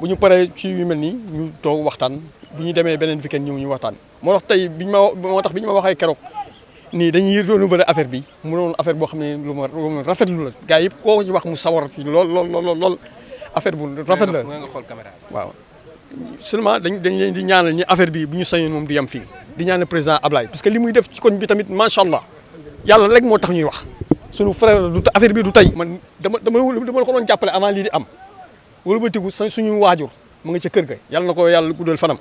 bu ñu paree ci yu mel nii ñu toog waxtaan bu ñu demee beneen kenn ñëw ñu waxtaan. moo tax tey bi ñu ma moo tax bi ñu waxee keroog nii dañuy renouveler affaire bi mu doon affaire boo xam ne lu ma rafetlu la gars yëpp koo wax mu sawar ci lool lool lool lool affaire bu rafet la nga xool caméra waaw. seulement dañ dañ di ñaana ñi affaire bi bu ñu sañoon moom du yem fii di ñaanal président Ablaye parce que li muy def ci koñ bi tamit macha allah yàlla rek moo tax ñuy wax sunu frère du affaire bi du tey man dama dama dama ko doon jàppale avant lii di am. wëlbatiku sa suñu waajur mu nga ca kër ga yàlla na ko yàlla guddal fanam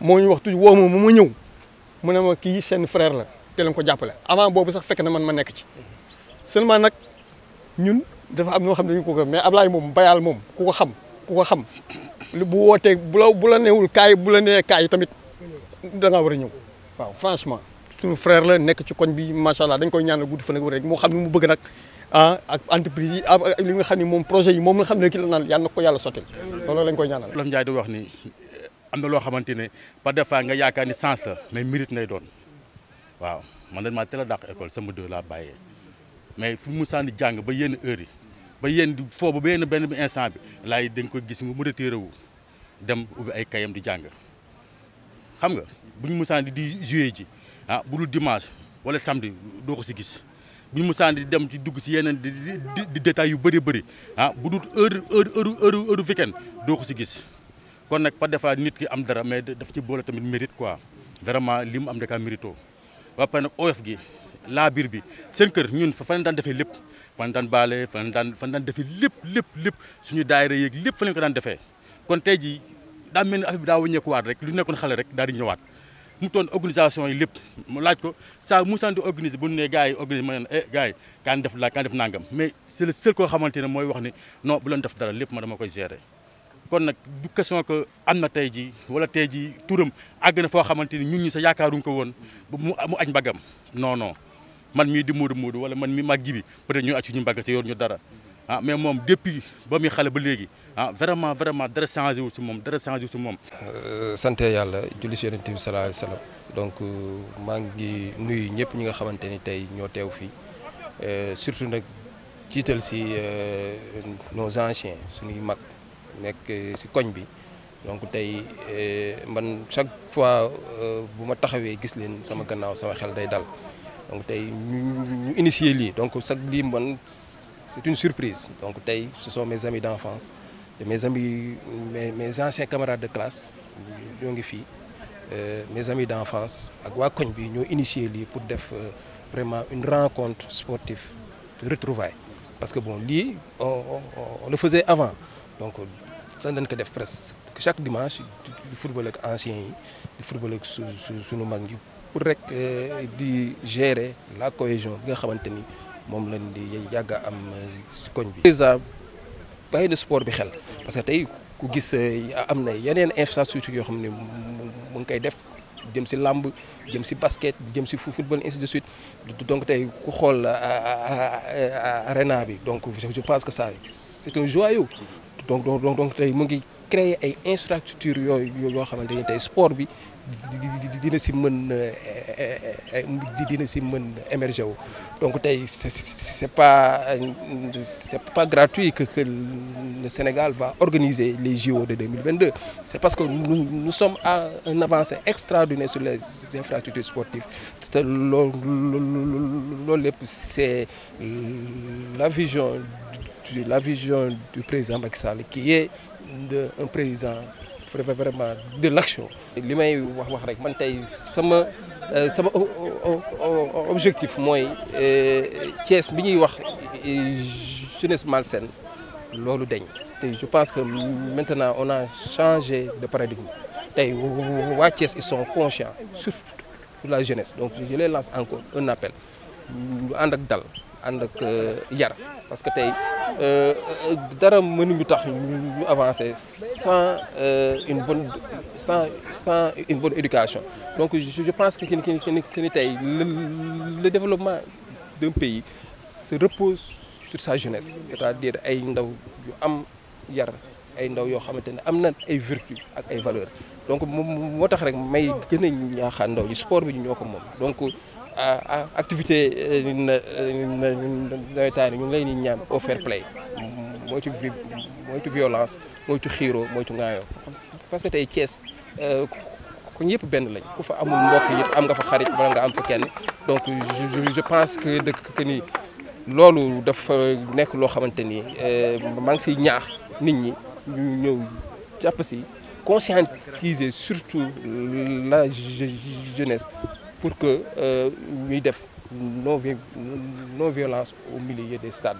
moo ñu wax tuuti woo moom ma ñëw mu ne ma kii seen frère la te leen ko jàppale avant boobu sax fekk na man ma nekk ci seulement nag ñun dafa am noo xam ne dañu ko ko mais Ablaye moom bayaal moom ku ko xam ku ko xam bu wootee bula la bu la newul kaay bu la nee kaay tamit da war a ñëw waaw franchement suñu frère la nekk ci koñ bi macha allah dañ koy ñaanal guddi fan ak wér moo xam ne mu bëgg nag ah ak entreprise yi ah, ak nga xam ne moom projet yi moom nga xam ne ki la naan yàlla ko yàlla sotti loolu lañ ko ñaanal. Wolof Njaay di wax ni am na loo xamante ne par des fois nga yaakaar ni sens la mais mérite lay doon waaw man na maa teel a dàq école sama deux la bàyyee mais fu mu sànni jàng ba yenn heure yi ba yenn foofu ba yenn benn instant bi laay dañ ko gis mu retiré wu dem ubbi ay kayam di jàng xam nga bu ñu musaan di di ji ah bu dul dimanche wala samedi doo ko si gis. bu ñu mosaan di dem ci dugg si yeneen di di yu bëri bari ah bu dul heure heure heure heure heure weekend doo ko si gis kon nag par des nit ki am dara mais def ci boole tamit mérite quoi vraiment li mu am da kaa mérito waa pare nag oyof gi laa biir bi seen kër ñun fa fan daan defee lépp fan daan baale fan daan fan daan defee lépp lépp lépp suñu daayira yeeg lépp fa lañ ko daan defee kon tey ji daa mel ni affaire bi daa wëññeekuwaat rek lu nekkoon xale rek daa di ñëwaat mu organisation yi lépp mu laaj ko sa musaan di organiser bu ñu gaay organiser ma ne eh gars yi def la kan def nangam mais c'est le seul ko xamantene moy wax ni non bu len def dara lepp ma dama koy gérer. kon nak du question que amna tay ji wala tay ji touram àgg na foo xamante ni ñun ñi sa yaakaaruñ ko won mu mu aj bagam non non man mi di Modou Modou wala man mi maggi bi peut-être ñu accu ñu bagga te yor ñu dara ah mais mom depuis ba mi xalé ba légui ah vraiment vraiment dara changé wu si moom dara changé wu si euh santé yalla julli si yonent bi sallallahu alayhi wasallam donc euh, maa ngi nuyu ñëpp ñi nga xamanteni tay ño tew fi euh surtout nag jiital si euh, nos anciens suñu mag nek euh, ci koñ bi donc tay euh man chaque fois bu ma taxawee gis leen sama gannaaw sama xel day dal donc tay ñu initier li donc chaque li man c'est une surprise donc tay ce sont mes amis d'enfance mes amis, mes, anciens camarades de classe euh, mes amis d'enfance à avons initié pour faire euh, vraiment une rencontre sportive de retrouvailles parce que bon on, le faisait avant donc ça dañ chaque dimanche du football anciens football sous nos pour euh, gérer la cohésion bàyyi na sport bi xel parce que tay ku gis euh, am na yeneen infrastructure yoo xam ne mu ngi koy def jëm si lamb jëm si basket jëm si football ainsi de suite donc tey ku xool euh, euh, arena bi donc je pense que ça c'est un joyau donc donc donc tey mu ngi créer une infrastructure de sport bi émerger donc ce n'est pas pas gratuit que le Sénégal va organiser les JO de 2022 c'est parce que nous sommes à un avancée extraordinaire sur les infrastructures sportives c'est la vision la vision du président Macky qui est d'un président vraiment de l'action li may wax wax rek man tey sama euh, sama objectif mooy euh, Thiès bi wax euh, jeunesse malsaine loolu dañ te je pense que maintenant on a changé de paradigme tey waa Thiès ils sont conscients surtout la jeunesse donc je les lance encore un appel Andak dal Andak yar parce que tey euh, dara mënuñu tax ñu avancer sans euh, une bonne sans sans une bonne éducation donc je pense que le développement d'un pays se repose sur sa jeunesse c'est-à-dire ay ndaw yu am yar. ay ndaw yoo xamante ne am na ay vertu ak ay valeur donc moom moo tax rek may gën a ñaaxaan ndaw ñi sport bi ñu ñoo ko moom donc activité euh, nawetaan ñu ngi lay ni ñaan au fair play moytu moytu violence moytu xiiroo moytu ngaayoo parce que tey Thiès euh, ko ñëpp benn lañ ku fa amul mbokk yëpp am nga fa xarit wala nga am fa kenn donc je pense que dëkk que ni loolu dafa nekk loo xamante ni euh, maa ngi siy ñaax nit ñi nous avons conscientiser surtout la jeunesse pour que nous euh, def non non violence au milieu des stades.